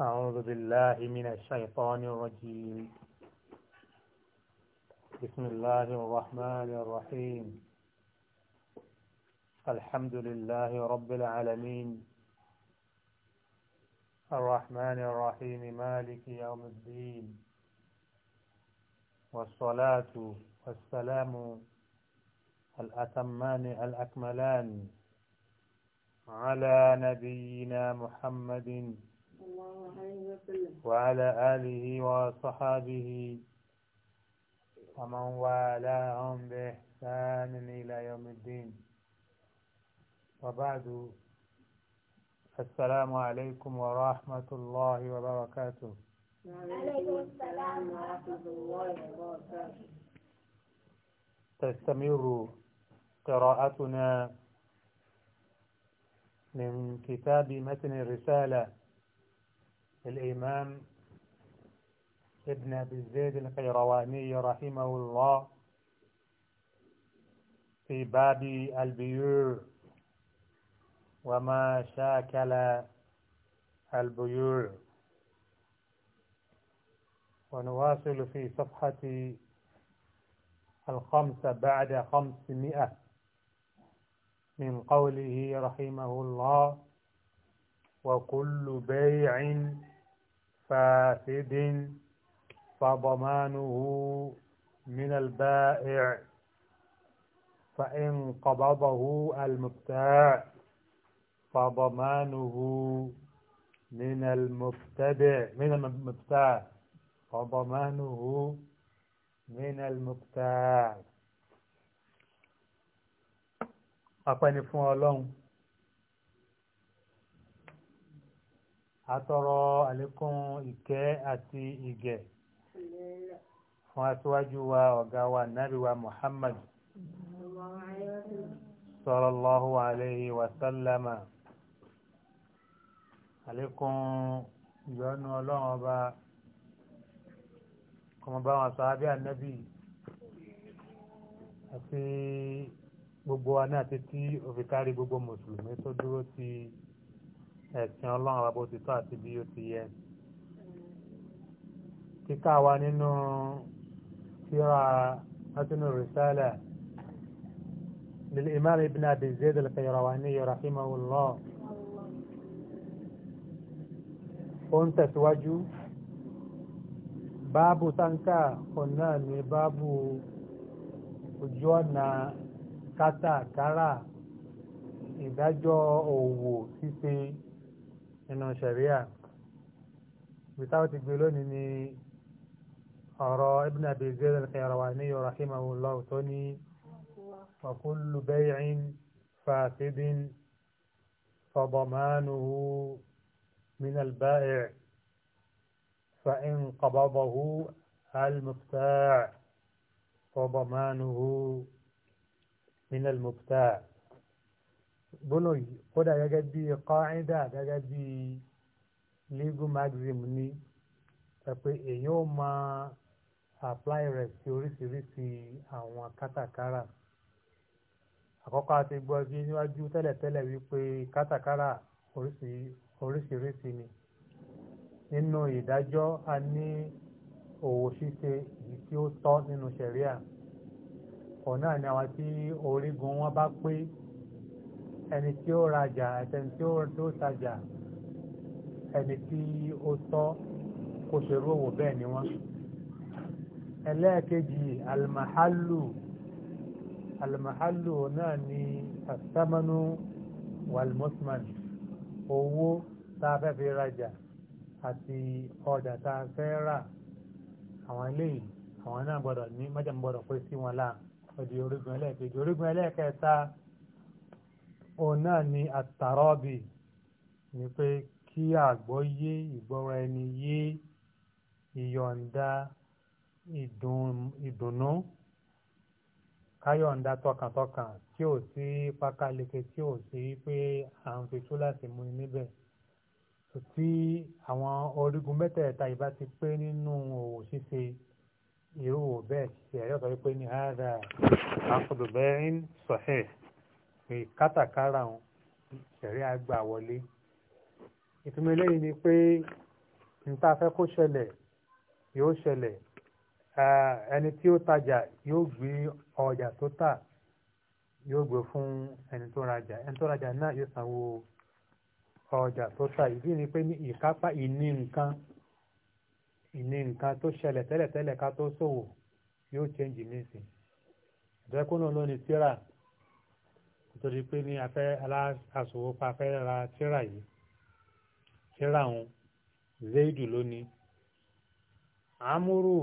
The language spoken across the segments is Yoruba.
أعوذ بالله من الشيطان الرجيم بسم الله الرحمن الرحيم الحمد لله رب العالمين الرحمن الرحيم مالك يوم الدين والصلاة والسلام الأتمان الأكملان على نبينا محمد وعلى آله وصحابه ومن والاهم بإحسان إلى يوم الدين وبعد السلام عليكم ورحمة الله وبركاته وعليكم السلام ورحمة الله وبركاته تستمر قراءتنا من كتاب متن الرسالة الإمام ابن أبي زيد القيرواني رحمه الله في باب البيوع وما شاكل البيوع ونواصل في صفحة الخمسة بعد خمسمائة من قوله رحمه الله وكل بيع فاسد فضمانه من البائع فإن قبضه المبتاع فضمانه من المبتدع من المبتاع فضمانه من المبتاع أقني فون atọrọ àlékún ìkẹ́ àti ìgẹ̀ fún aṣíwájú wa ọ̀gá wa nábì Muhammad sallallahu alayhi wa sallama àlékún ìyọ́nú ọlọ́run ọba kọmọ bá wọn sàábí ànábì àti gbogbo wa náà ti tí òfìkárí gbogbo mùsùlùmí tó dúró ti ẹ̀sìn ọlọ́run àbábó ti tọ́ àti bí ó ti yẹ kíkà wa nínú tíra látínú rìsálà للإمام ابن أبي زيد القيرواني رحمه الله ó ń tẹ̀síwájú báàbù táǹkà ọ̀nà ní báàbù ojú ọ̀nà kátàkárà ìdájọ́ òwò ṣíṣe nínú ṣẹ̀ríà bìtáwò ti gbé lónìí ni ọ̀rọ̀ ibn abizir al-qayrawani rahimahullah tó ní wa kullu bay'in fasidin fadamanuhu min al-ba'i' fa'in qabadahu al-mubta' fadamanuhu min al gbóná yìí kódà gẹ́gẹ́ bí kọ́ńdà gẹ́gẹ́ bí legal maxim ní pé èèyàn ó máa apply rẹ̀ sí oríṣiríṣi àwọn kátàkárà àkọ́kọ́ àti gbọ́ bí níwájú tẹ́lẹ̀tẹ́lẹ̀ wípé kátàkárà oríṣiríṣi ni nínú ìdájọ́ a ní òwò ṣíṣe èyí tí ó tọ́ nínú ṣẹ̀ríà ọ̀nà ni àwọn tí orígun wọn bá pé ẹni tí ó rajà ẹni tí ó tajà ẹni tí ó tọ́ kò ṣerú òwò bẹ́ẹ̀ ni wọ́n ẹlẹ́ẹ̀kejì almahallu almahallu náà ni asamanu walmusman owó tá a fẹ́ fi rajà àti ọjà tá a fẹ́ rà àwọn eléyìí àwọn náà gbọ́dọ̀ ní májàmbọ́dọ̀ pé sí wọn láà ọdí orígun ẹlẹ́ẹ̀kejì orígun ẹlẹ́ẹ̀kẹta òun náà ni àtàrọ́bì ni pé kí àgbọ́yé ìgbọ́ra ẹni yé ìyọ̀ǹda ìdùnnú káyọ̀ǹda tọkàntọkàn tí ò sí pákáleke tí ò sí pé à ń fi tú láti mú níbẹ̀ tí àwọn orígun mẹ́tẹ̀ẹ̀ta ìbá ti pé nínú òwò ṣíṣe irú òwò bẹ́ẹ̀ ṣe ẹ̀rọ sọ pé ní hádà àkọlù sọ̀hẹ́. pé kátàkárà òun wọlé ìtumọ̀ eléyìí ni pé níta fẹ́ kó ṣẹlẹ̀ yóò ṣẹlẹ̀ ẹni tí ó tajà yóò gbé ọjà tó tà yóò gbé fún ẹni tó rajà ẹni tó rajà náà yóò sanwó ọjà tó tà ìdí ni pé ní ìkápá ìní nǹkan ìní nǹkan tó ṣẹlẹ̀ tẹ́lẹ̀tẹ́lẹ̀ ká tó ṣòwò yóò change torí pé ní afẹ́ aláṣàṣòwòpá afẹ́ ra tíra yìí tíra òun zaidu lónìí amúrù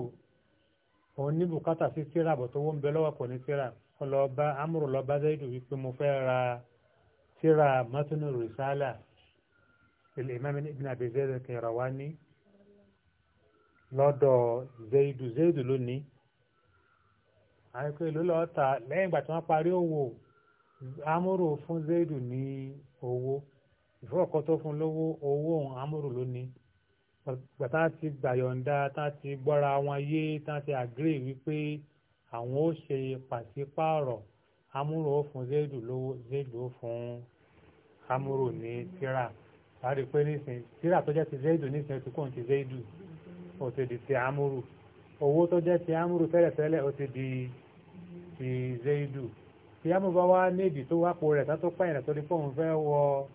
òun ní bùkátà sí tíra bọ̀ tó wọ́n ń bẹ lọ́wọ́ kò ní tíra ọlọ́ọ̀bá amúrù lọ́ọ̀bá zaidu wípé mo fẹ́ ra tíra mọ́tínú rìsálà ilé imáàmì ibn abi zaid al-Qayrawani lọ́dọ̀ zaidu zaidu lónìí àyíkú ìlú lọ́ọ́ lẹ́yìn ìgbà tí wọ́n parí òwò amúrò fún zaidu ní owó ìfọwọ́kọ́ tó fún lówó owó òun amúrò ló ní gbàtà ti gbàyọ̀ǹda tá ti gbọ́ra wọn yé tá ti àgírè wípé àwọn ó ṣe pàṣípààrọ̀ amúrò ó fún zaidu lówó zaidu ó fún amúrò ní tíra láti pé nísìnyí tíra tó jẹ́ ti zaidu nísìnyí tó kàn ti zaidu ó ti di ti amúrò owó tó jẹ́ ti amúrò tẹ́lẹ̀tẹ́lẹ̀ ó ti di ti zaidu tí a mú bá wá níbi tó wá po rẹ̀ tó tó pẹ̀yìn rẹ̀ tó di pé òun fẹ́ wọ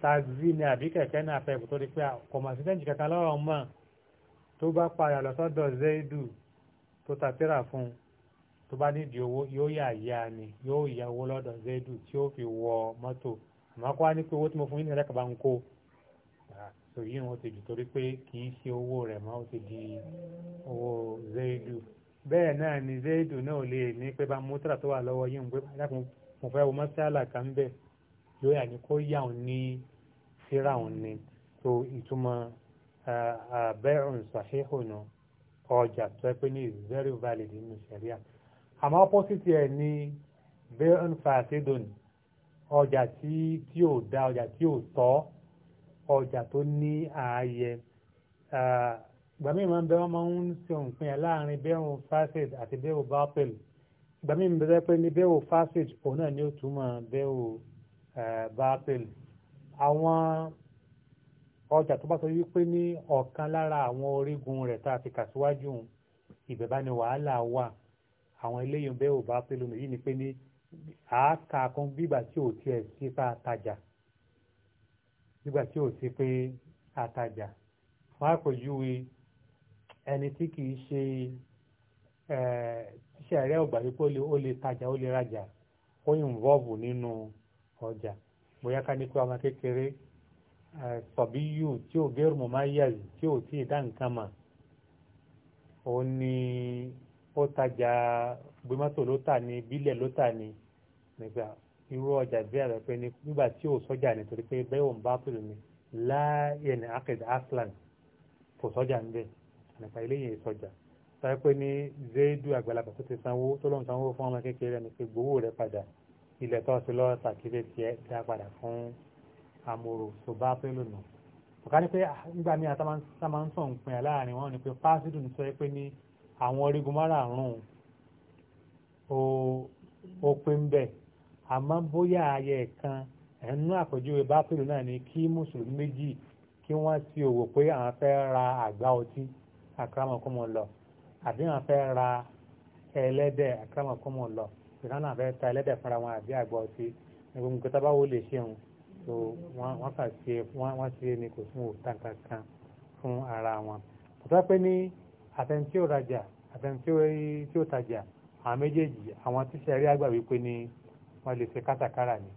taxi ní àbí kẹ̀kẹ́ náà fẹ́ tó di pé kọ̀mọ̀sídẹ́ǹtì kankan lọ́rọ̀ mọ̀ tó bá padà lọ sọ́dọ̀ zaidu tó ta tírà fún un tó bá nídìí owó yóò yà yá ni yóò yá owó lọ́dọ̀ zaidu tí ó fi wọ mọ́tò àmọ́ kó wá ní pé owó tí mo fún yín nílẹ̀ kaba ń kó sòyí wọn ti dù torí pé kì í ṣe owó rẹ̀ mọ́ ó ti di owó zaidu bẹ́ẹ̀ náà ni zaidu náà lè ní pé bá mọ́tàrà tó wà lọ́wọ́ yìí ń pé dákun mo fẹ́ wo mọ́sálà kan bẹ́ẹ̀ yóò yà ní kó yà òun ní síra òun ni tó ìtumọ̀ bẹ́ẹ̀rùn sàṣẹ́hùn ọjà tó ẹ pé ní is very valid nínú sẹ̀ríà àmọ́ opposite ẹ̀ ní bẹ́ẹ̀rùn fàṣẹ́dùn ọjà tí tí ò dá ọjà tí ò tọ́ ọjà tó ní ààyè ìgbà míì máa ń bẹ wọn máa ń ṣe òǹpin láàrin bẹ́ẹ̀rù facet àti bẹ́ẹ̀rù baupel ìgbà míì ń bẹ pé ní bẹ́ẹ̀rù facet òun náà ni ó túmọ̀ bẹ́ẹ̀rù eh, baupel àwọn ọjà tó bá sọ wípé ní ọ̀kan lára àwọn orígun rẹ̀ tá a ti kà síwájú ìbẹ̀bá ni wàhálà wà àwọn eléyìí bẹ́ẹ̀rù baupel yìí ni pé ní àáka kan bígbà tí ò tiẹ̀ sí pa àtajà bígbà tí ò sí pé àtajà wọn á ẹni tí kìí ṣe ṣíṣẹ́ rẹ̀ ọ̀gbà wípé ó lè tajà ó lè rajà ó involve nínú ọjà bóyá ká ní pé ọmọ kékeré sọ̀bí yù tí ò gẹ́rù mọ́ máa yà yìí tí ò tí ì dá nǹkan mà ó ní ó tajà gbémọ́tò ló tà ní bílẹ̀ ló tà ní nígbà irú ọjà bí àrẹ pé nígbà tí ò sọ́jà nítorí pé bẹ́ẹ̀ òun bá pèrè ní láàyè ní akẹ́dẹ́ aslan kò sọ́jà ń bẹ́ẹ̀ àgbà eléyìí ìsọjà táyé pé ní zéédù àgbàlagbà tó ti sanwó tó lóun sanwó fún ọmọ kékeré ní pé gbowó rẹ padà ilẹ̀ tó ti lọ́ọ́ sàkíyèsí tiẹ̀ tí a padà fún amòrò tó bá pé lónà ọ̀ká ní pé nígbà míì àtà ń pin aláàárín wọn ni pé fásitì ń sọ pé ní àwọn orígun márààrún ó pé ń àmọ́ bóyá ayẹ kan ẹnu àpèjúwe bá pè lónà ni kí mùsùlùmí méjì kí wọ́n ti òwò pé àwọn fẹ́ ra àgbá ọtí akramakumullah àbí wọn fẹ́ ra ẹlẹ́dẹ̀ akramakumullah ìdáná fẹ́ ta ẹlẹ́dẹ̀ fúnra wọn àbí àgbọ̀ sí gbogbo nǹkan tó bá wò lè ṣe wọn so wọ́n kà sí wọ́n ni kò tún òòtà kankan fún ara wọn kò tó pé ní àtẹnití ò rajà àtẹnití tí ó tajà àwọn méjèèjì àwọn tí sẹ́rí àgbà wípé ni wọ́n lè ṣe kátàkárà ni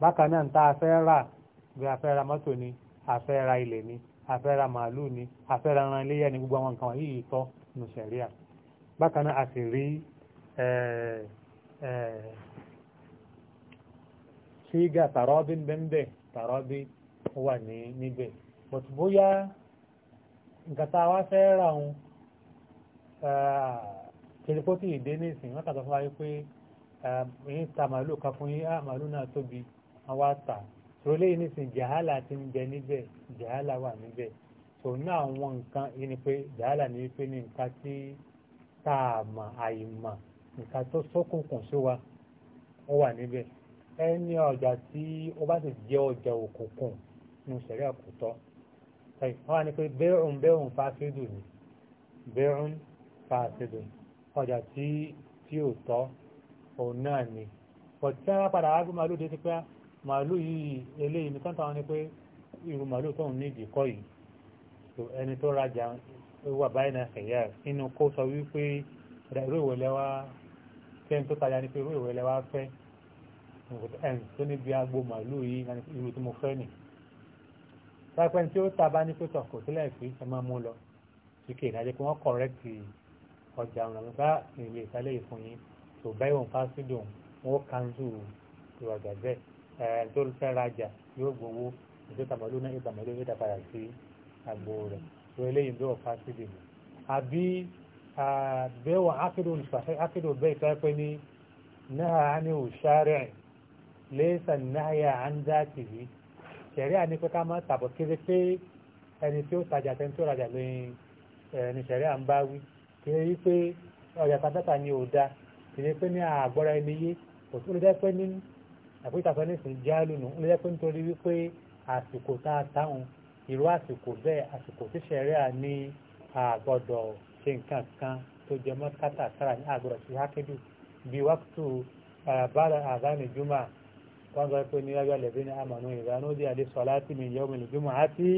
bákan náà ń ta afẹ́ rà bí afẹ́ ra mọ́tò ni afẹ́ ra ilẹ̀ ni afẹ́ra màálù ni afẹ́ra ran iléyà ni gbogbo àwọn nǹkan wọ̀nyí yìí tọ́ nù sẹ̀ríà bákan náà a sì rí ṣígà tàrọ́bí bẹ́ńbẹ́ tàrọ́bí wà níbẹ̀ bọ̀tù bóyá nǹkan tá a wá fẹ́ ra òun ìdé wọ́n tàbí fún wa pé ta màálù kan ah, rọlé yìí nísìnyí jahala ti ń bẹ níbẹ̀ jahala wà níbẹ̀ tò ní àwọn nǹkan yìí ni pé jahala ni pé ní nǹkan tí tá a mà àìmà nǹkan tó ṣókùnkùn sí wa ó wà níbẹ̀ ẹni ọjà tí ó bá sì jẹ́ ọjà òkùnkùn ní sẹ̀rí àkùtọ́ wọ́n wá ní pé bẹ́ẹ̀rùn bẹ́ẹ̀rùn fásidù ni bẹ́ẹ̀rùn fásidù ọjà tí tí ò tọ́ òun náà ni bọ̀dé tí wọ́n padà wá gbé màálù dé ti pé á màálù yìí eléyìí ní kọ́ntà wọn ni pé irú màálù tó ń nídìí kọ́ yìí tó ẹni tó rajà wà báyìí náà fẹ̀yà nínú kó sọ wípé irú ìwé lẹ́wà kẹ́ni tó tajà ni pé irú ìwé lẹ́wà fẹ́ ẹn tó níbi agbo màálù yìí náà irú tí mo fẹ́ nì pápẹ́ tí ó ta bá ní pé tọkọ sílẹ̀ fi ẹ máa mú lọ sí kè ìdájẹ́ pé wọ́n kọ̀rẹ́kì ọjà ọ̀nà nípa ìlú ìsàlẹ̀ ìfún yín tó bẹ́ẹ̀ wọn fásitì wọn kánṣu ìwà gàdẹ́ẹ̀ tó fẹ́ rajà yóò gbowó ètò tàmọ́lú náà ìgbàmọ́lú yóò dá padà sí àgbo rẹ̀ tó eléyìí bí wọ́n fa síbi mi. àbí bẹ́ẹ̀ wọ́n ákédò olùfàṣẹ́ ákédò bẹ́ẹ̀ tó pẹ́ ní náà á ní òṣàrẹ̀ lẹ́sàn náà yà á ń dá tìbí ṣẹ̀rí àníkọ́ká máa tàbọ̀ kéré pé ẹni tí ó tajà tẹ́ni tó rajà lóyìn ẹni ṣẹ̀rí à ń bá wí kéré yí pé ọjà pátátà ni ò da kéré pé ní àgbọ́ra ẹni yé òtún lè dẹ́ ní àpétàfẹ́ nísìnyí jáàlù nù ló jẹ́ pé a táwọn irú àsìkò bẹ́ẹ̀ àsìkò tí sẹ̀ríà ní àgbọ̀dọ̀ ṣe nǹkan kan tó jẹ mọ́ kátàkárà ní àgbọ̀dọ̀ ṣe hákẹ́dù bí wákùtù bára àzáni júmọ̀ wọ́n sọ pé ní ayọ́ lẹ́bí ní àmàlú ìrànú di àdé sọ láti mi yẹ́ omi lùjúmọ̀ àti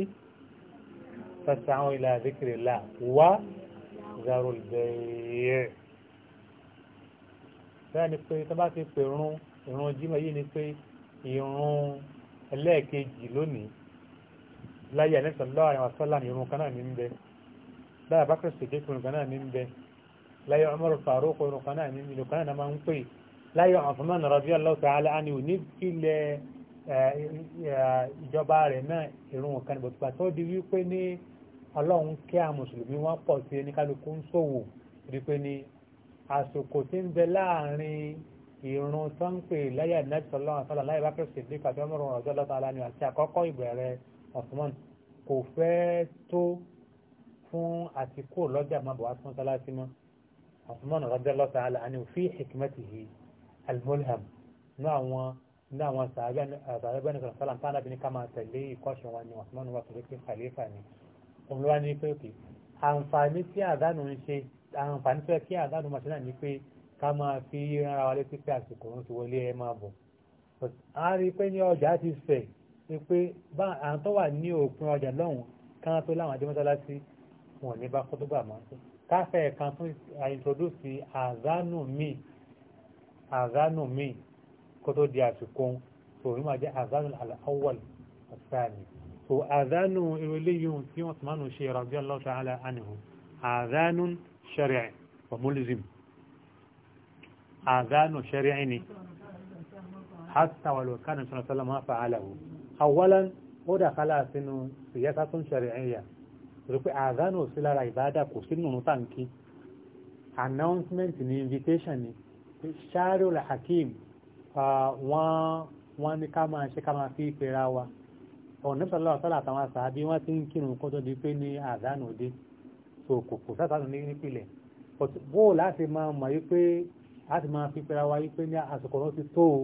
fẹsẹ̀ àwọn ilẹ̀ àdékèrè là wá zaro bẹ́ẹ̀ ni pé tó ti pè rún ìrun jímọ̀ yìí ni pé ìrun ẹlẹ́ẹ̀kejì lónìí láyé àlẹ́sọ̀lọ́ àwọn asọ́lá ní irun kan náà ní ń bẹ láyé abákẹ́ sèké irun kan náà ní ń bẹ láyé Umar Faruq irun kan náà ní ìlú kan náà máa ń pè láyé Uthman radiyallahu ta'ala anhu òní ilẹ̀ ìjọba rẹ̀ náà irun kan bọ̀ tó di wípé ní ọlọ́run kí a mùsùlùmí wọ́n pọ̀ sí ẹni kálukú ń ṣòwò rí pé ní àsìkò tí ń bẹ láàrin ìrun tó ń pè lẹ́yà nẹ́tọ̀lọ́ àtọ́lá láì bá kẹ́sì bí kàtí ọmọ òrùn ọjọ́ lọ́ta aláni àti àkọ́kọ́ ìbẹ̀rẹ̀ Osman kò fẹ́ tó fún àtikó lọ́jà máa bọ̀ wá fún sálásí mọ́ Osman ọjọ́ lọ́ta aláni òfin hikmatihi al-mulham ní àwọn ní àwọn sàábẹ́ ní sọ̀rọ̀ sálàm tánà bí ní ká máa tẹ̀lé ìkọ́ṣẹ́ wọn ni Osman wà pẹ̀lú pé khalifa ni òun ló wá ní pé òkè àǹfààní tí àdánù ní pé ká máa fi rárá wa létí pé àsìkò ń ti wọlé ẹ máa bọ̀. a rí pé ní ọjà ti fẹ̀ ni pé à ń tó wà ní òpin ọjà lọ́hùn kán tó láwọn adémọ́sálásí wọn ní bá fọ́tógbà máa ń tó. káfẹ́ kan tún introduce àzánù míì àzánù míì kó tó di àsìkò tó ní máa jẹ́ àzánù al-awwal so àzánù ìrọ̀lẹ́ yìí tí wọ́n ti máa ń ṣe radiyallahu ta'ala anhu àzánù shar'i wa آذان شريعين حتى ولو كان صلى الله عليه وسلم فعله أولا ودخل سنو سياسة شريعية rúpé àdánù sí lára ìbádà kò sínú announcement ni invitation ni ṣáàrùl hakim wọ́n ní ká máa ṣe ká máa fi pera wa ọ̀nà sọ́lá ọ̀sọ́lá àtàwọn àṣàbí wọ́n ti ń kírun kó tó di pé ní àdánù dé so kò kò sátánù ní nípìnlẹ̀ bó láti máa mọ̀ wípé láti máa fi pẹ́ra wáyé pé ní àsìkò náà ti tó o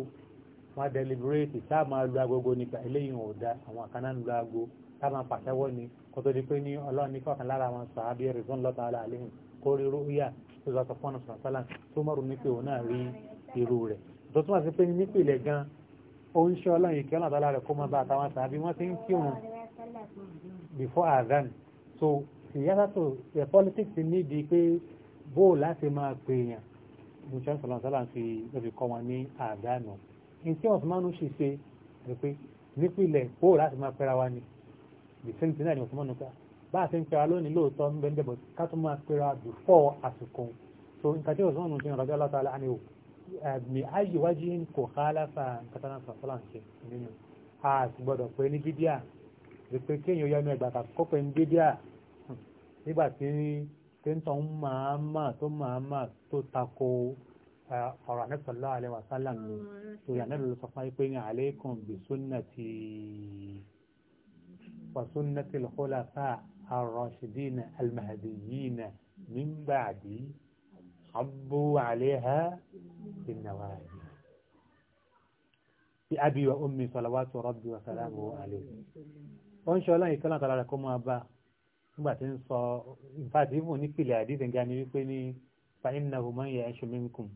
máa deliberate tá a máa lu agogo nípa eléyìí ò da àwọn àkànná ń lu ago tá a máa pàṣẹwọ́ ni kó tó di pé ní ọlọ́run ní kọ̀ọ̀kan lára àwọn sàábì rìsọ́n lọ́ta ara àlẹ́yìn kó rí rúyà tó sọ sọ fọ́nà sọ̀rọ̀ sálà tó mọ̀rún ní pé òun náà rí irú rẹ̀ tó túmọ̀ sí pé nípìnlẹ̀ gan ó ń ṣe ọlọ́run ìkẹ́ ọ̀nà tọ́lá rẹ̀ kó máa bá àtàwọn sàábì wọ́n ti ń kírun before azan so ìyá sàtò politics ní di pé bóò láti máa pè èèyàn bùsùn sọ̀rọ̀ sọ́là fi lọ́fi kọ́ wọn ní àdánù ìtí ọ̀sùnmánú ṣe ṣe rẹ̀ pé nípìnlẹ̀ ó láti máa pẹ́ra wa ni bìsẹ́ǹtì náà ni ọ̀sùnmánú ká bá a ti ń pẹ́ra lónìí lóòótọ́ ń bẹ́ẹ̀ bọ̀ ká tó máa pẹ́ra before àsìkò so nǹkan tí ọ̀sùnmánú ti rọ̀jọ́ lọ́tọ́ alá ni o mi ayé wájú ń kò ká láfa kátàlá sọ̀tọ́lá ń ṣe nínú a sì gbọ́dọ̀ pé ní bídíà rẹ̀ pé kéèyàn 跟从妈妈，从妈妈都打过。قال النبي صلى الله عليه وسلم يا نبي الصفا يقين عليكم بسنتي وسنة الخلفاء الراشدين المهديين من بعدي حبوا عليها بالنواهي بأبي وأمي صلوات ربي وسلامه عليه وإن شاء الله يكلم لكم أبا nígbà tí ń sọ ìfàdíbù nípìnlẹ̀ àdídì ga ni wípé ní fa'innahu man ya'ishu minkum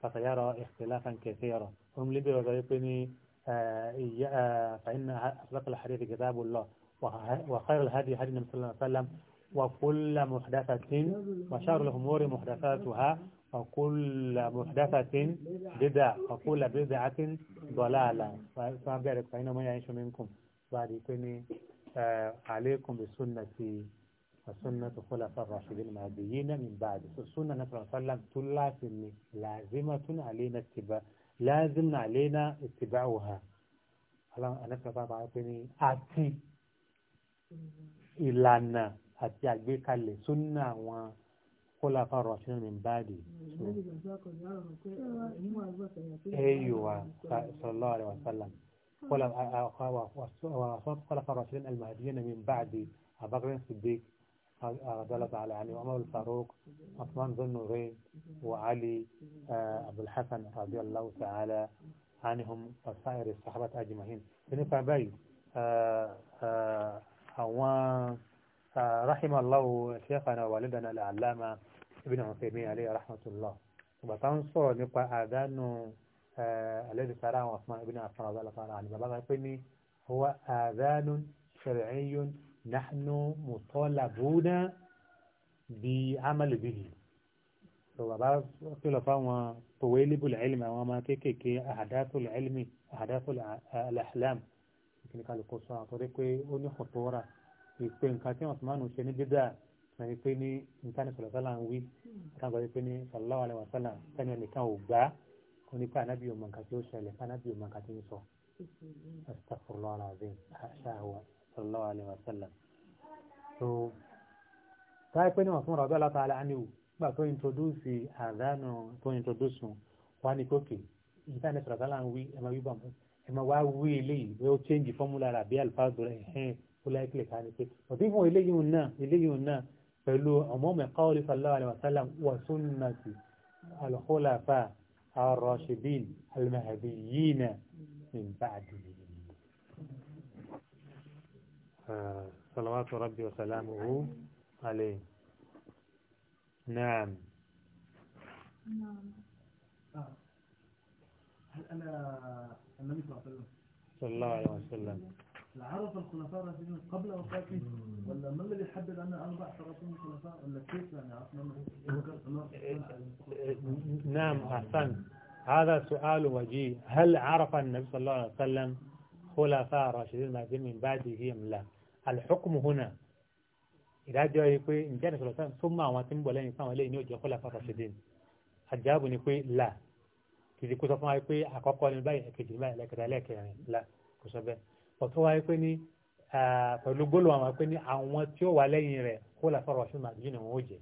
fasayara ikhtilafan kathira òun lè bẹ̀rẹ̀ sọ pé ní fa'inna asdaqal hadith kitabullah wa khayral hadi hadi nabi sallallahu alaihi wasallam wa kullu muhdathatin wa sharrul umuri muhdathatuha wa kullu muhdathatin bid'a wa kullu bid'atin dalalah fa bẹ̀rẹ̀ fa'innahu man ya'ishu minkum bá a di pé ní alaykum bi sunnati. فسنة خلفاء الراشدين المهديين من بعد سنة النبي صلى الله عليه وسلم تلازم لازمة علينا اتباع لازم علينا اتباعها النبي صلى الله عليه وسلم àti ìlànà àti àgbékalẹ̀ súnà àwọn khulafa ar-rashidin min أيوة صلى الله عليه وسلم خلفاء الراشدين المهديين من بعد أبو بكر الصديق غلب على علي وعمر الفاروق عثمان بن نورين وعلي أبو آه، الحسن رضي الله تعالى عنهم وسائر الصحابة أجمعين بن آه، آه، بي رحم الله شيخنا والدنا العلامة ابن عثيمين عليه رحمة الله وكان صور نقوى آذان الذي سراه عثمان بن عفان رضي الله تعالى عنه هو آذان شرعي nahnu mutalabuna bi amalu bihi so bàbá kìlọ̀ fáwọn tòwé libul ilmi àwọn ọmọ kéékèèké ahadathul ilmi ahadathul ahlam kìlì kálukú sọ àwọn torí pé ó ní kòtòrà ìpè nǹkan tí wọn fi máa ń ṣe ní dídá náà wípé ní nǹkan ìṣòro sálà ń wí àtàgbà wípé ní sallallahu alaihi wasallam sẹ́ni ẹnìkan ò gbá onípa ànábì òmùnkan tí ó ṣẹlẹ̀ ànábì òmùnkan tí ń sọ astaghfirullah alazim àṣà àwọn sallallahu alaihi wasallam so táyé pé níwọ̀n fún rọ̀bẹ́ látàlá ánìwò gbà tó introduce àdánù tó introduce wà ní kókè ìta ní sọ̀rọ̀ sálà ń wí ẹmọ wí bọ̀mọ̀ ẹmọ wá wí eléyìí pé ó change formula rà bí alifáàdù rẹ̀ ẹ̀hẹ́n ó láìpẹ́ ká ní pé òtí fún eléyìí náà eléyìí náà pẹ̀lú ọmọ mẹ́kọ́ orí sallallahu alaihi wasallam wà sunnati al-khulafa ar-rashidin al-mahdiyyin min ba'dihi صلوات ربي وسلامه عليه نعم نعم هل أنا النبي صلى الله عليه وسلم صلى الله عليه وسلم عرف الخلفاء الراشدين قبل وفاته ولا ما الذي حدد ان اربع سلاطين خلفاء ولا كيف يعني عرفنا نعم احسنت هذا سؤال وجيه هل عرف النبي صلى الله عليه وسلم خلفاء راشدين المهديين من بعده ام لا؟ alhukumu huna ìdájọ́ yìí pé ǹjẹ́ ní sọ̀rọ̀sán tó mú àwọn tí ń bọ̀ lẹ́yìn fún àwọn eléyìí ní òjò kọ́lá fàtà ṣèdè àjáàbù ni pé là kìí kó sọ fún wa pé àkọ́kọ́ ni báyìí ẹ̀kejì ni báyìí lẹ́kẹ̀ta lẹ́kẹ̀rin là kò sọ bẹ́ẹ̀ ọ̀tún wa pé ní pẹ̀lú gbólóhùn àwọn pé ní àwọn tí ó wà lẹ́yìn rẹ̀ kọ́lá fàrọ̀ wàṣọ màdìjì ni wọ́n jẹ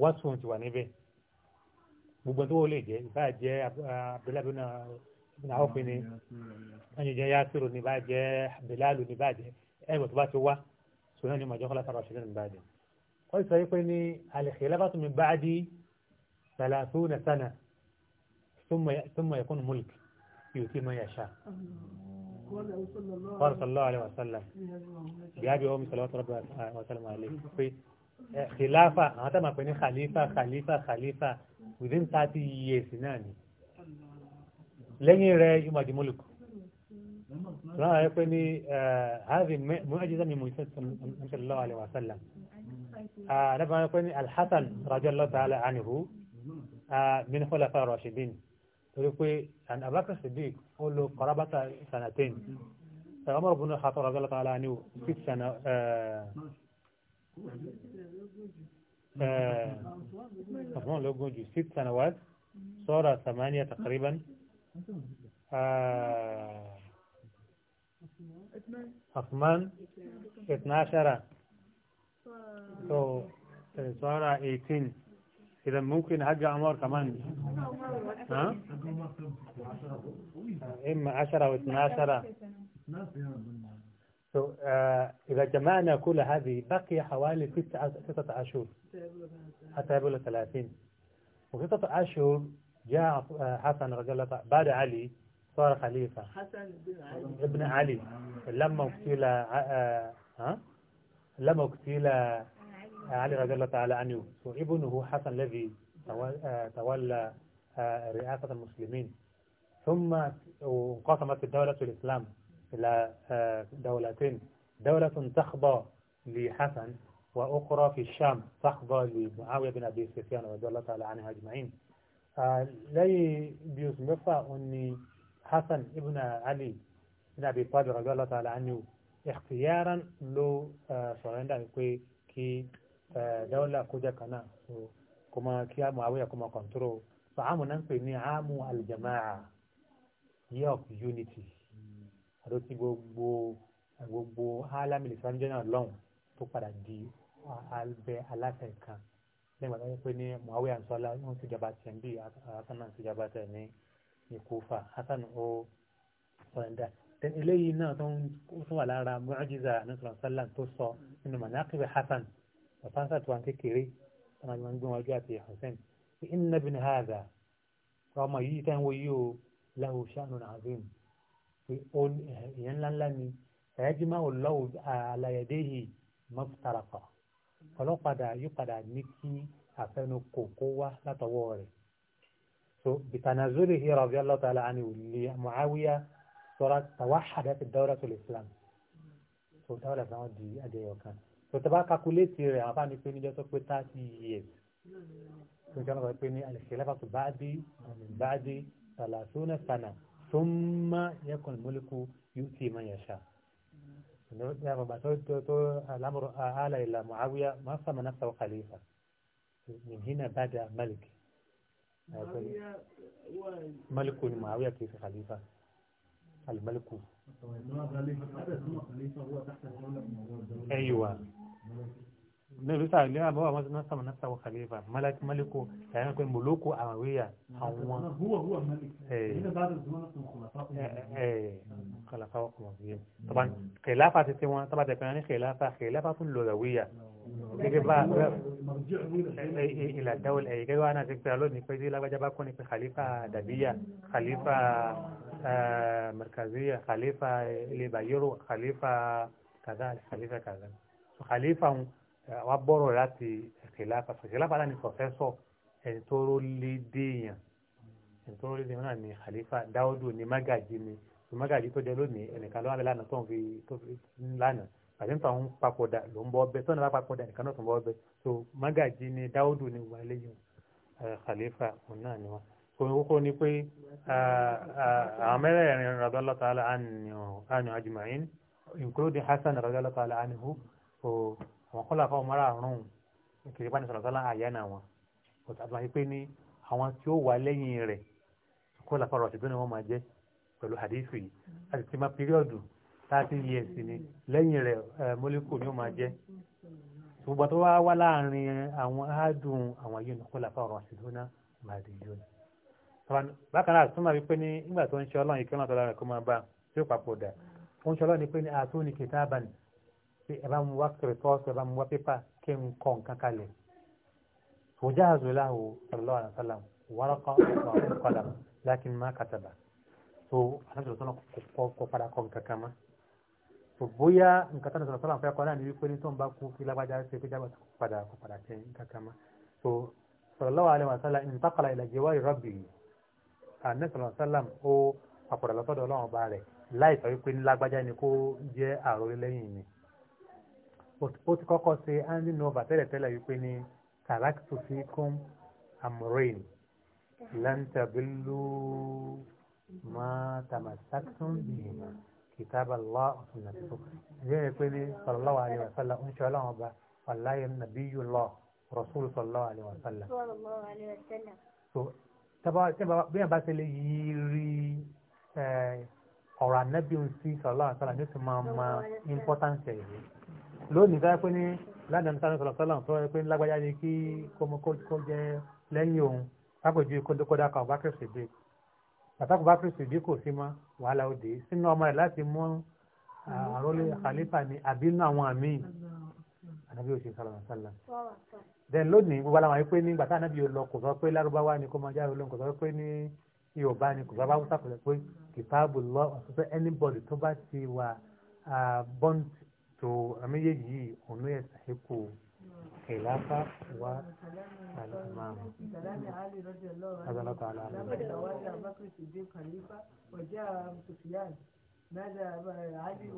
wá tún ti wà níbẹ̀ ẹgbẹ́ tó bá ti wá sọ náà ni màjọ́ kọ́lá sára ṣẹlẹ̀ nígbà dé wọ́n ti sọ wípé ní al-khilafatu min ba'di thalathuna sana thumma yakunu mulk yuti man yasha. قال صلى الله عليه وسلم بأبي أمي صلوات ربي وسلم عليه في خلافة هذا ما كنا خليفة خليفة خليفة within 30 years náà ni lẹ́yìn rẹ̀ yóò máa di mọ́lùkù لا يقني آه، هذه معجزة من موسى صلى الله عليه وسلم لما آه، يقني الحسن رضي الله تعالى عنه آه، من خلفاء الراشدين تقول أن أبا بكر الصديق قول قرابة سنتين فعمر بن الخطاب رضي الله تعالى عنه ست سنة عثمان لو جوجو ست سنوات صار ثمانية تقريبا آه حكمان اثنا عشر صار 18 إذا ممكن حج عمر كمان ها؟ إما 10 أو 12 so, آه، إذا جمعنا كل هذه بقي حوالي ستة أشهر حتى يبلغ 30 وستة أشهر جاء آه، حسن رضي الله بعد علي صار خليفة حسن بن علي ابن علي لما اقتل آه، آه، ها لما اقتل علي رضي الله تعالى عنه وابنه حسن الذي آه، تولى رئاسة المسلمين ثم انقسمت دولة الإسلام إلى دولتين دولة تخضى لحسن وأخرى في الشام تخضى لمعاوية بن أبي سفيان رضي الله تعالى عنه أجمعين لي بيوسف أني حسن ابن علي بن أبي طالب رضي الله تعالى عنه اختيارا لو سرندر كي كي دولة كوجا كنا كما كيا معاوية كما كنترو فعام ننقل نعام الجماعة year of unity àti ti gbogbo gbogbo alámìlì sàmìjọ náà lọ́hùn tó padà di albẹ aláṣẹ kan lẹ́yìn pàtàkì pé ní muawiya nsọ́lá ń ṣèjọba tiẹ̀ ń bí àtàkùn náà ń ṣèjọba tiẹ̀ ní ní Kúfà Hasan ó sọ̀rọ̀ǹda then eléyìí náà tó ń wà lára mu'jiza anasọ̀rọ̀ sallam tó sọ nínú manaqibi Hasan ọ̀sánsá tó wà kékeré ọmọ ìgbìmọ̀ gbọ́n wájú àti Hussein inna bin hadha ọmọ yìí tẹ́ ń wo yìí o lahu sha'nun azim eh, ìyẹn ńláńlá ni ẹ̀yájú máa ń lọ́wọ́ àlàyédéhì mọ́tàràfà ọlọ́padà yóò padà ní kí àfẹnukò kó wá látọwọ́ rẹ̀ بتنازله رضي الله تعالى عنه لمعاوية صارت توحدت الدولة الإسلام الدولة الإسلام دي أدي وكان فتبقى كاكوليتي رẹ̀ àbá ní pé níjọ́ tó pé 30 years tó jẹ́ lọ́wọ́ pé ní alìsílẹ́fà tó bá dé bá dé tàlàsónà sànà tó má yẹ́kùn múlùkù yóò tí ma yẹ̀ ṣá yàgbà tó tó alámọ̀rọ̀ ààlà ìlà mọ̀háwíyá má sàmà náà sàwọ́ khalifa min hina bada malik Eh, maliku ni muawiya kìí ṣe khalifa alimaliku. ayiwa ne bisa ne abu a masu nasa mana sawa khalifa malak maliku ya yana kai muluku a mawiya hanwa khalafa wa kuma biyu taban khilafa ta ce wani tabbata kan khilafa khilafa tun lura gẹ́gẹ́ bá ilà dáwọlẹ ẹyẹ gẹ́gẹ́ bá náà ti pè á lónìí pé tí lágbájá bá kún ni pé khalifa dàbíyà khalifa eh, markaziya khalifa ilé bayero khalifa kaza khalifa kaza khalifa eh, wa bọ̀rọ̀ láti khilafa khilafa náà ni pọfẹsọ ẹni tó ró lé déèyàn ẹni tó ró lé déèyàn náà ni khalifa dáwọdù ni magaji ni magaji tó jẹ lónìí ẹnìkan ló wà lánàá tó ń fi lánàá àti nípa òun papòdà ló ń bọ́ ọbẹ̀ tọ́nà bá papòdà nìkan náà tó ń bọ́ ọbẹ̀ so magaji ni dáúdù ni wà lẹ́yìn khalifa òun náà ni wọn. so kókó ni pé àwọn mẹ́rẹ̀ẹ̀rin radiyallahu ta'ala anhu ajma'in including hasan radiyallahu ta'ala anhu so àwọn kọ́lá fáwọn márààrún kìí bá ní sọ̀rọ̀ sọ́lá àyà náà wọn kò tàbí wọn pé ní àwọn tí ó wà lẹ́yìn rẹ̀ kọ́lá fáwọn rọ̀ṣẹ̀dún ni wọ́n máa jẹ́ pẹ̀lú hadith yìí àti tí máa píríọ̀dù 30 years ni lẹ́yìn rẹ̀ eh, molecule ni ó máa jẹ́ ṣùgbọ́n tó wá wá láàrin àwọn àádùn àwọn yìí ní nígbà tó ń ṣe ọlọ́run ìkẹ́lọ́n tó lára kó máa bá tí ó papòdà ó ń ṣe ọlọ́run pé ní àtún n tó bóyá nǹkan tó ń sọ̀rọ̀ sọ́lá ń fẹ́ kọ́ náà ní wípé ní tó ń bá kú kí lágbájá ṣe pé jábọ̀ padà kó padà tẹ nǹkan kan mọ́ so sallallahu alaihi wasallam intaqala ila jiwari rabbi àná sallallahu alaihi wasallam ó àpọ̀dà lọ́sọ́dọ̀ ọlọ́run ọba rẹ̀ láì sọ wípé ní lágbájá ni kó jẹ́ àròlé lẹ́yìn mi ó ti kọ́kọ́ ṣe andy nova tẹ́lẹ̀tẹ́lẹ̀ wípé ní kàràkìtù fi kún amúrẹ́yìn lantabilu ma tàmásàkùn bìyànjú. كتاب الله وسنته زي يقول صلى الله عليه وسلم إن شاء الله أبا والله نبي الله رسول صلى الله عليه وسلم صلى الله عليه وسلم tẹ́bà bíyàn bá tẹ́lẹ̀ yìí rí ọ̀rọ̀ ànábì ń sí sọ̀rọ̀ àtàlà ní ti máa ma importance ẹ̀ lónìí tó yẹ pé ní ládàá sáré sọ̀rọ̀ sọ̀rọ̀ tó yẹ pé lágbájá ni kí kó jẹ lẹ́yìn òun lápèjì kó dákọ̀ bá pàtàkì bá fèsì bí kò sí mọ́ wàhálà òde sínú ọmọ rẹ̀ láti mú àrólé khalifa ni àbí inú àwọn àmì ànábì òsè sàlàmàsàlà. then lónìí gbogbo àwọn àyípé ní gbàtà ànábì yóò lọ kò sọ pé lárúbáwá ni kò máa jáde olóhùn kò sọ pé ní yorùbá ni kò sọ bá wúsà kò sọ pé kìtàbù lọ ọ̀sọ̀ anybody tó bá ti wà bọ́ǹtì àmì yéyìí òun ló yẹ الخلافة والإمامة هذا الله تعالى عنه بكر الصديق خليفة وجاء سفيان ماذا علي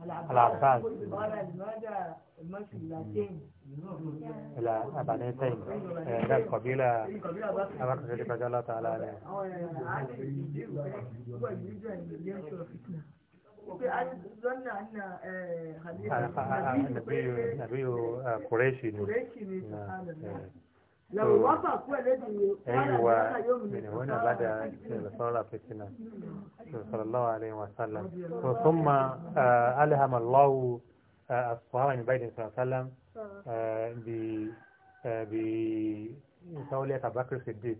والعباس قال لماذا المشي لاتين لا أبانيتين ده القبيلة أباك خليفة جل تعالى عليه آية ظن أن أيوة. الله عليه وسلم ثم آه، الهم الله آه، الصحابه من بيت صلى الله عليه وسلم آه، ب ابي بكر الصديق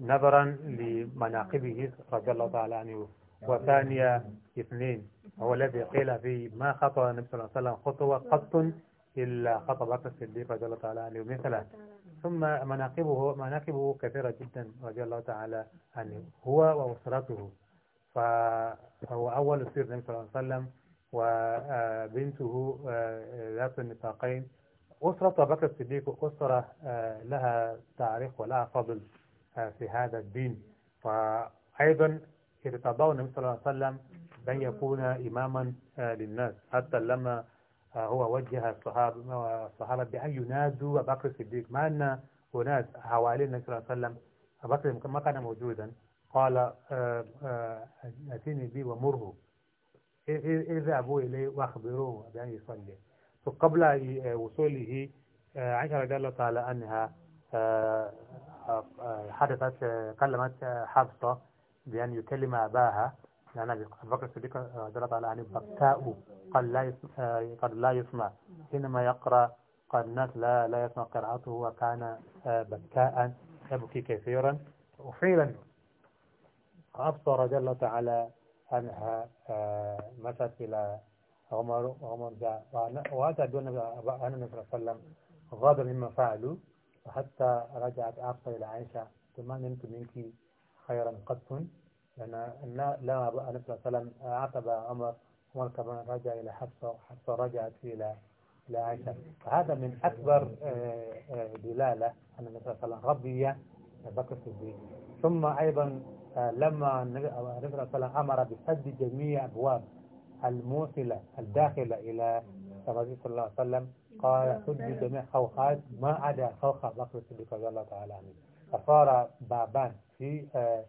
نظرا لمناقبه رضي الله تعالى عنه وثانية اثنين هو الذي قيل في ما خطوة النبي صلى الله عليه وسلم خطوة قط إلا خطأ بكر الصديق رضي الله تعالى عنه من ثلاث ثم مناقبه مناقبه كثيرة جدا رضي الله تعالى عنه هو وأسرته فهو أول سير النبي صلى الله عليه وسلم وبنته آه، ذات النفاقين أسرة بكر الصديق أسرة آه، لها تاريخ ولها فضل آه، في هذا الدين فأيضا ارتضاه النبي صلى الله عليه وسلم بأن يكون إماما آه، للناس حتى لما آه، هو وجه الصحابة, الصحابة بأن ينادوا أبا بكر الصديق ما أن هناك حوالي النبي صلى الله عليه وسلم أبا بكر ما كان موجودا قال آه، أتيني بي ومره اذهبوا إليه وأخبروه بأن يصلي فقبل وصوله عائشة رضي الله تعالى عنها حدثت كلمت حفصة بأن يكلم أباها لأن أبي بكر الصديق رضي الله تعالى عنه بكاء قد لا آه، قد لا يسمع حينما يقرأ قد الناس لا لا يسمع قراءته وكان آه، بكاء يبكي كثيرا وفعلا أبصر رضي الله تعالى أنها آه، مشت إلى عمر عمر جاء وأتى دون أن النبي صلى الله عليه وسلم غاضب مما فعلوا حتى رجعت أبصر إلى عائشة ثم نمت منك خيرا قط لأن لا النبي صلى الله عليه وسلم آه، عتب عمر عمر كمان رجع إلى حفصة حفصة رجعت إلى إلى عائشة فهذا من أكبر آه، آه، دلالة أن النبي صلى الله عليه وسلم ربي بكر الصديق ثم أيضا لما النبي صلى الله عليه وسلم أمر بسد جميع أبواب الموصلة الداخلة إلى الرسول صلى الله عليه وسلم قال سد جميع خوخات ما عدا خوخة بكر الصديق رضي الله تعالى عنه فصار بابان في آه،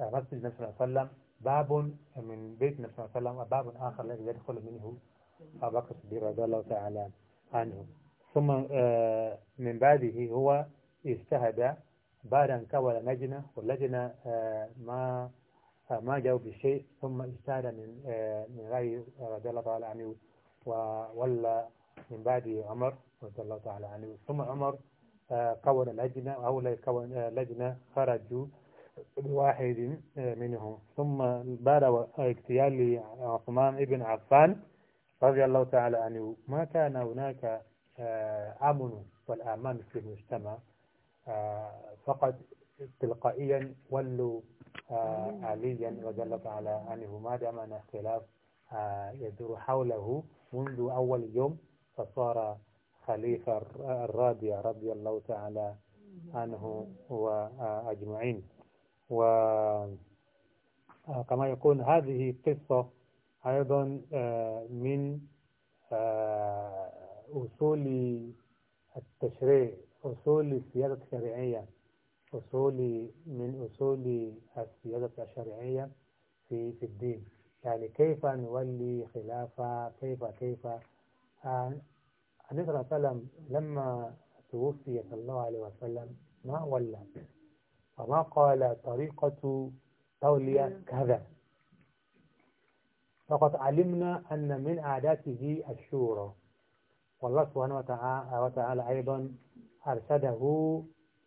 آه، مسجد النبي صلى الله عليه وسلم باب من بيت النبي صلى الله عليه وسلم وباب آخر الذي يدخل منه أبو بكر الصديق رضي الله تعالى عنه ثم آه، من بعده هو اجتهد بعد أن كون لجنة واللجنة ما ما جاءوا بشيء ثم اجتهد من من رأي رضي الله تعالى عنه وولى من بعده عمر رضي الله تعالى عنه ثم عمر كون لجنة أو كون لجنة خرجوا واحد منهم ثم بعد اغتيال عثمان ابن عفان رضي الله تعالى عنه ما كان هناك آه، أمن والأمان في المجتمع آه، فقد تلقائيا ولوا آه، عليا رضي الله تعالى عنه ما دام أن اختلاف يدور حوله منذ أول يوم فصار خليفة الرابع رضي الله تعالى عنه وأجمعين وكما آه، يكون هذه قصة أيضا آه، من آه، أصول التشريع أصول السيادة الشرعية أصول من أصول السيادة الشرعية في في الدين يعني كيف نولي خلافة كيف كيف النبي صلى الله عليه وسلم لما توفي صلى الله عليه وسلم ما ولى فما قال طريقة تولية نعم. كذا فقد علمنا أن من عاداته الشورى والله سبحانه وتعالى, وتعالى أيضا أرشده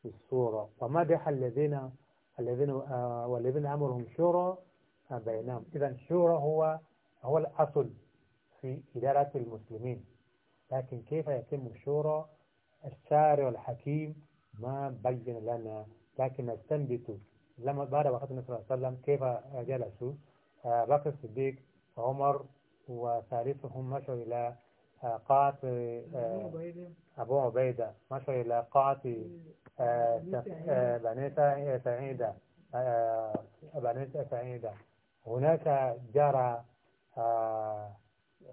في بالصورة ومدح الذين الذين آه، والذين أمرهم شورى بينهم إذا الشورى هو هو الأصل في إدارة المسلمين لكن كيف يتم الشورى الشارع الحكيم ما بين لنا لكن استنبتوا لما بعد وفاة النبي صلى الله عليه وسلم كيف آه، جلسوا آه، بكر الصديق وعمر وثالثهم مشوا إلى آه، قاعة أبو عبيدة مشوا إلى قاعة بنيسة سعيدة بنيسة سعيدة هناك جرى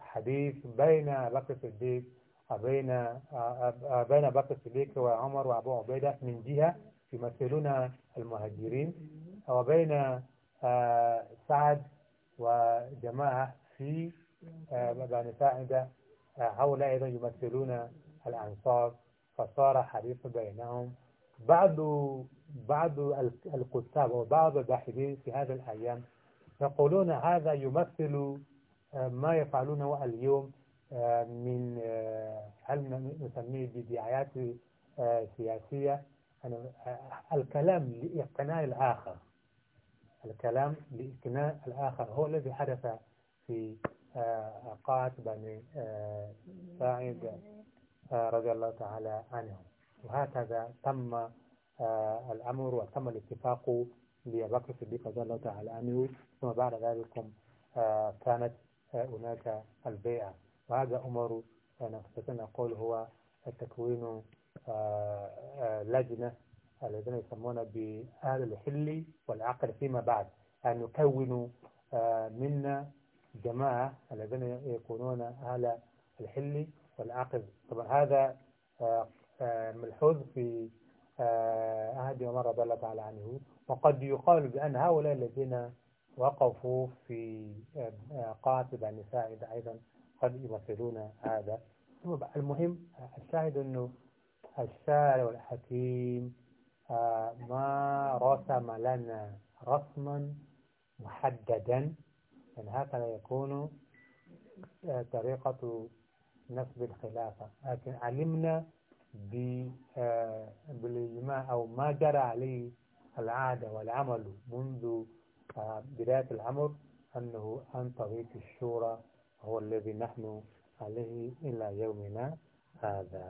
حديث بين بكر الصديق بين بين بكر الصديق وعمر وأبو عبيدة من جهة يمثلون المهاجرين وبين آه، سعد وجماعة في آه، بني ساعدة آه، هؤلاء أيضا يمثلون الأنصار فصار حديث بينهم بعض بعض الكتاب وبعض الباحثين في هذه الأيام يقولون هذا يمثل ما يفعلونه اليوم من هل نسميه بدعايات سياسية الكلام لإقناع الآخر الكلام لإقناع الآخر هو الذي حدث في آه، قاعة بني آه، سعيد آه، رضي الله تعالى عنه وهكذا تم الأمر وتم الاتفاق لبكر الصديق رضي الله تعالى عنه ثم بعد ذلك كانت هناك البيعة وهذا أمر أنا ان أقول هو تكوين آه، آه، لجنة الذين يسمون بأهل الحل والعقل فيما بعد أن يكونوا آه، منا جماعة الذين يكونون أهل الحل والعقل طبعا هذا ملحوظ في عهد عمر رضي الله تعالى عنه وقد يقال بأن هؤلاء الذين وقفوا في قاعة بني ساعد أيضا قد يمثلون هذا المهم الشاهد أنه الشاعر الحكيم آه، ما رسم لنا رسما محددا يعني هكذا يكون آه، طريقة نسب الخلافة لكن علمنا آه، بالإجماع أو ما جرى عليه العادة والعمل منذ بداية الأمر أنه عن طريق الشورى هو الذي نحن عليه إلى يومنا هذا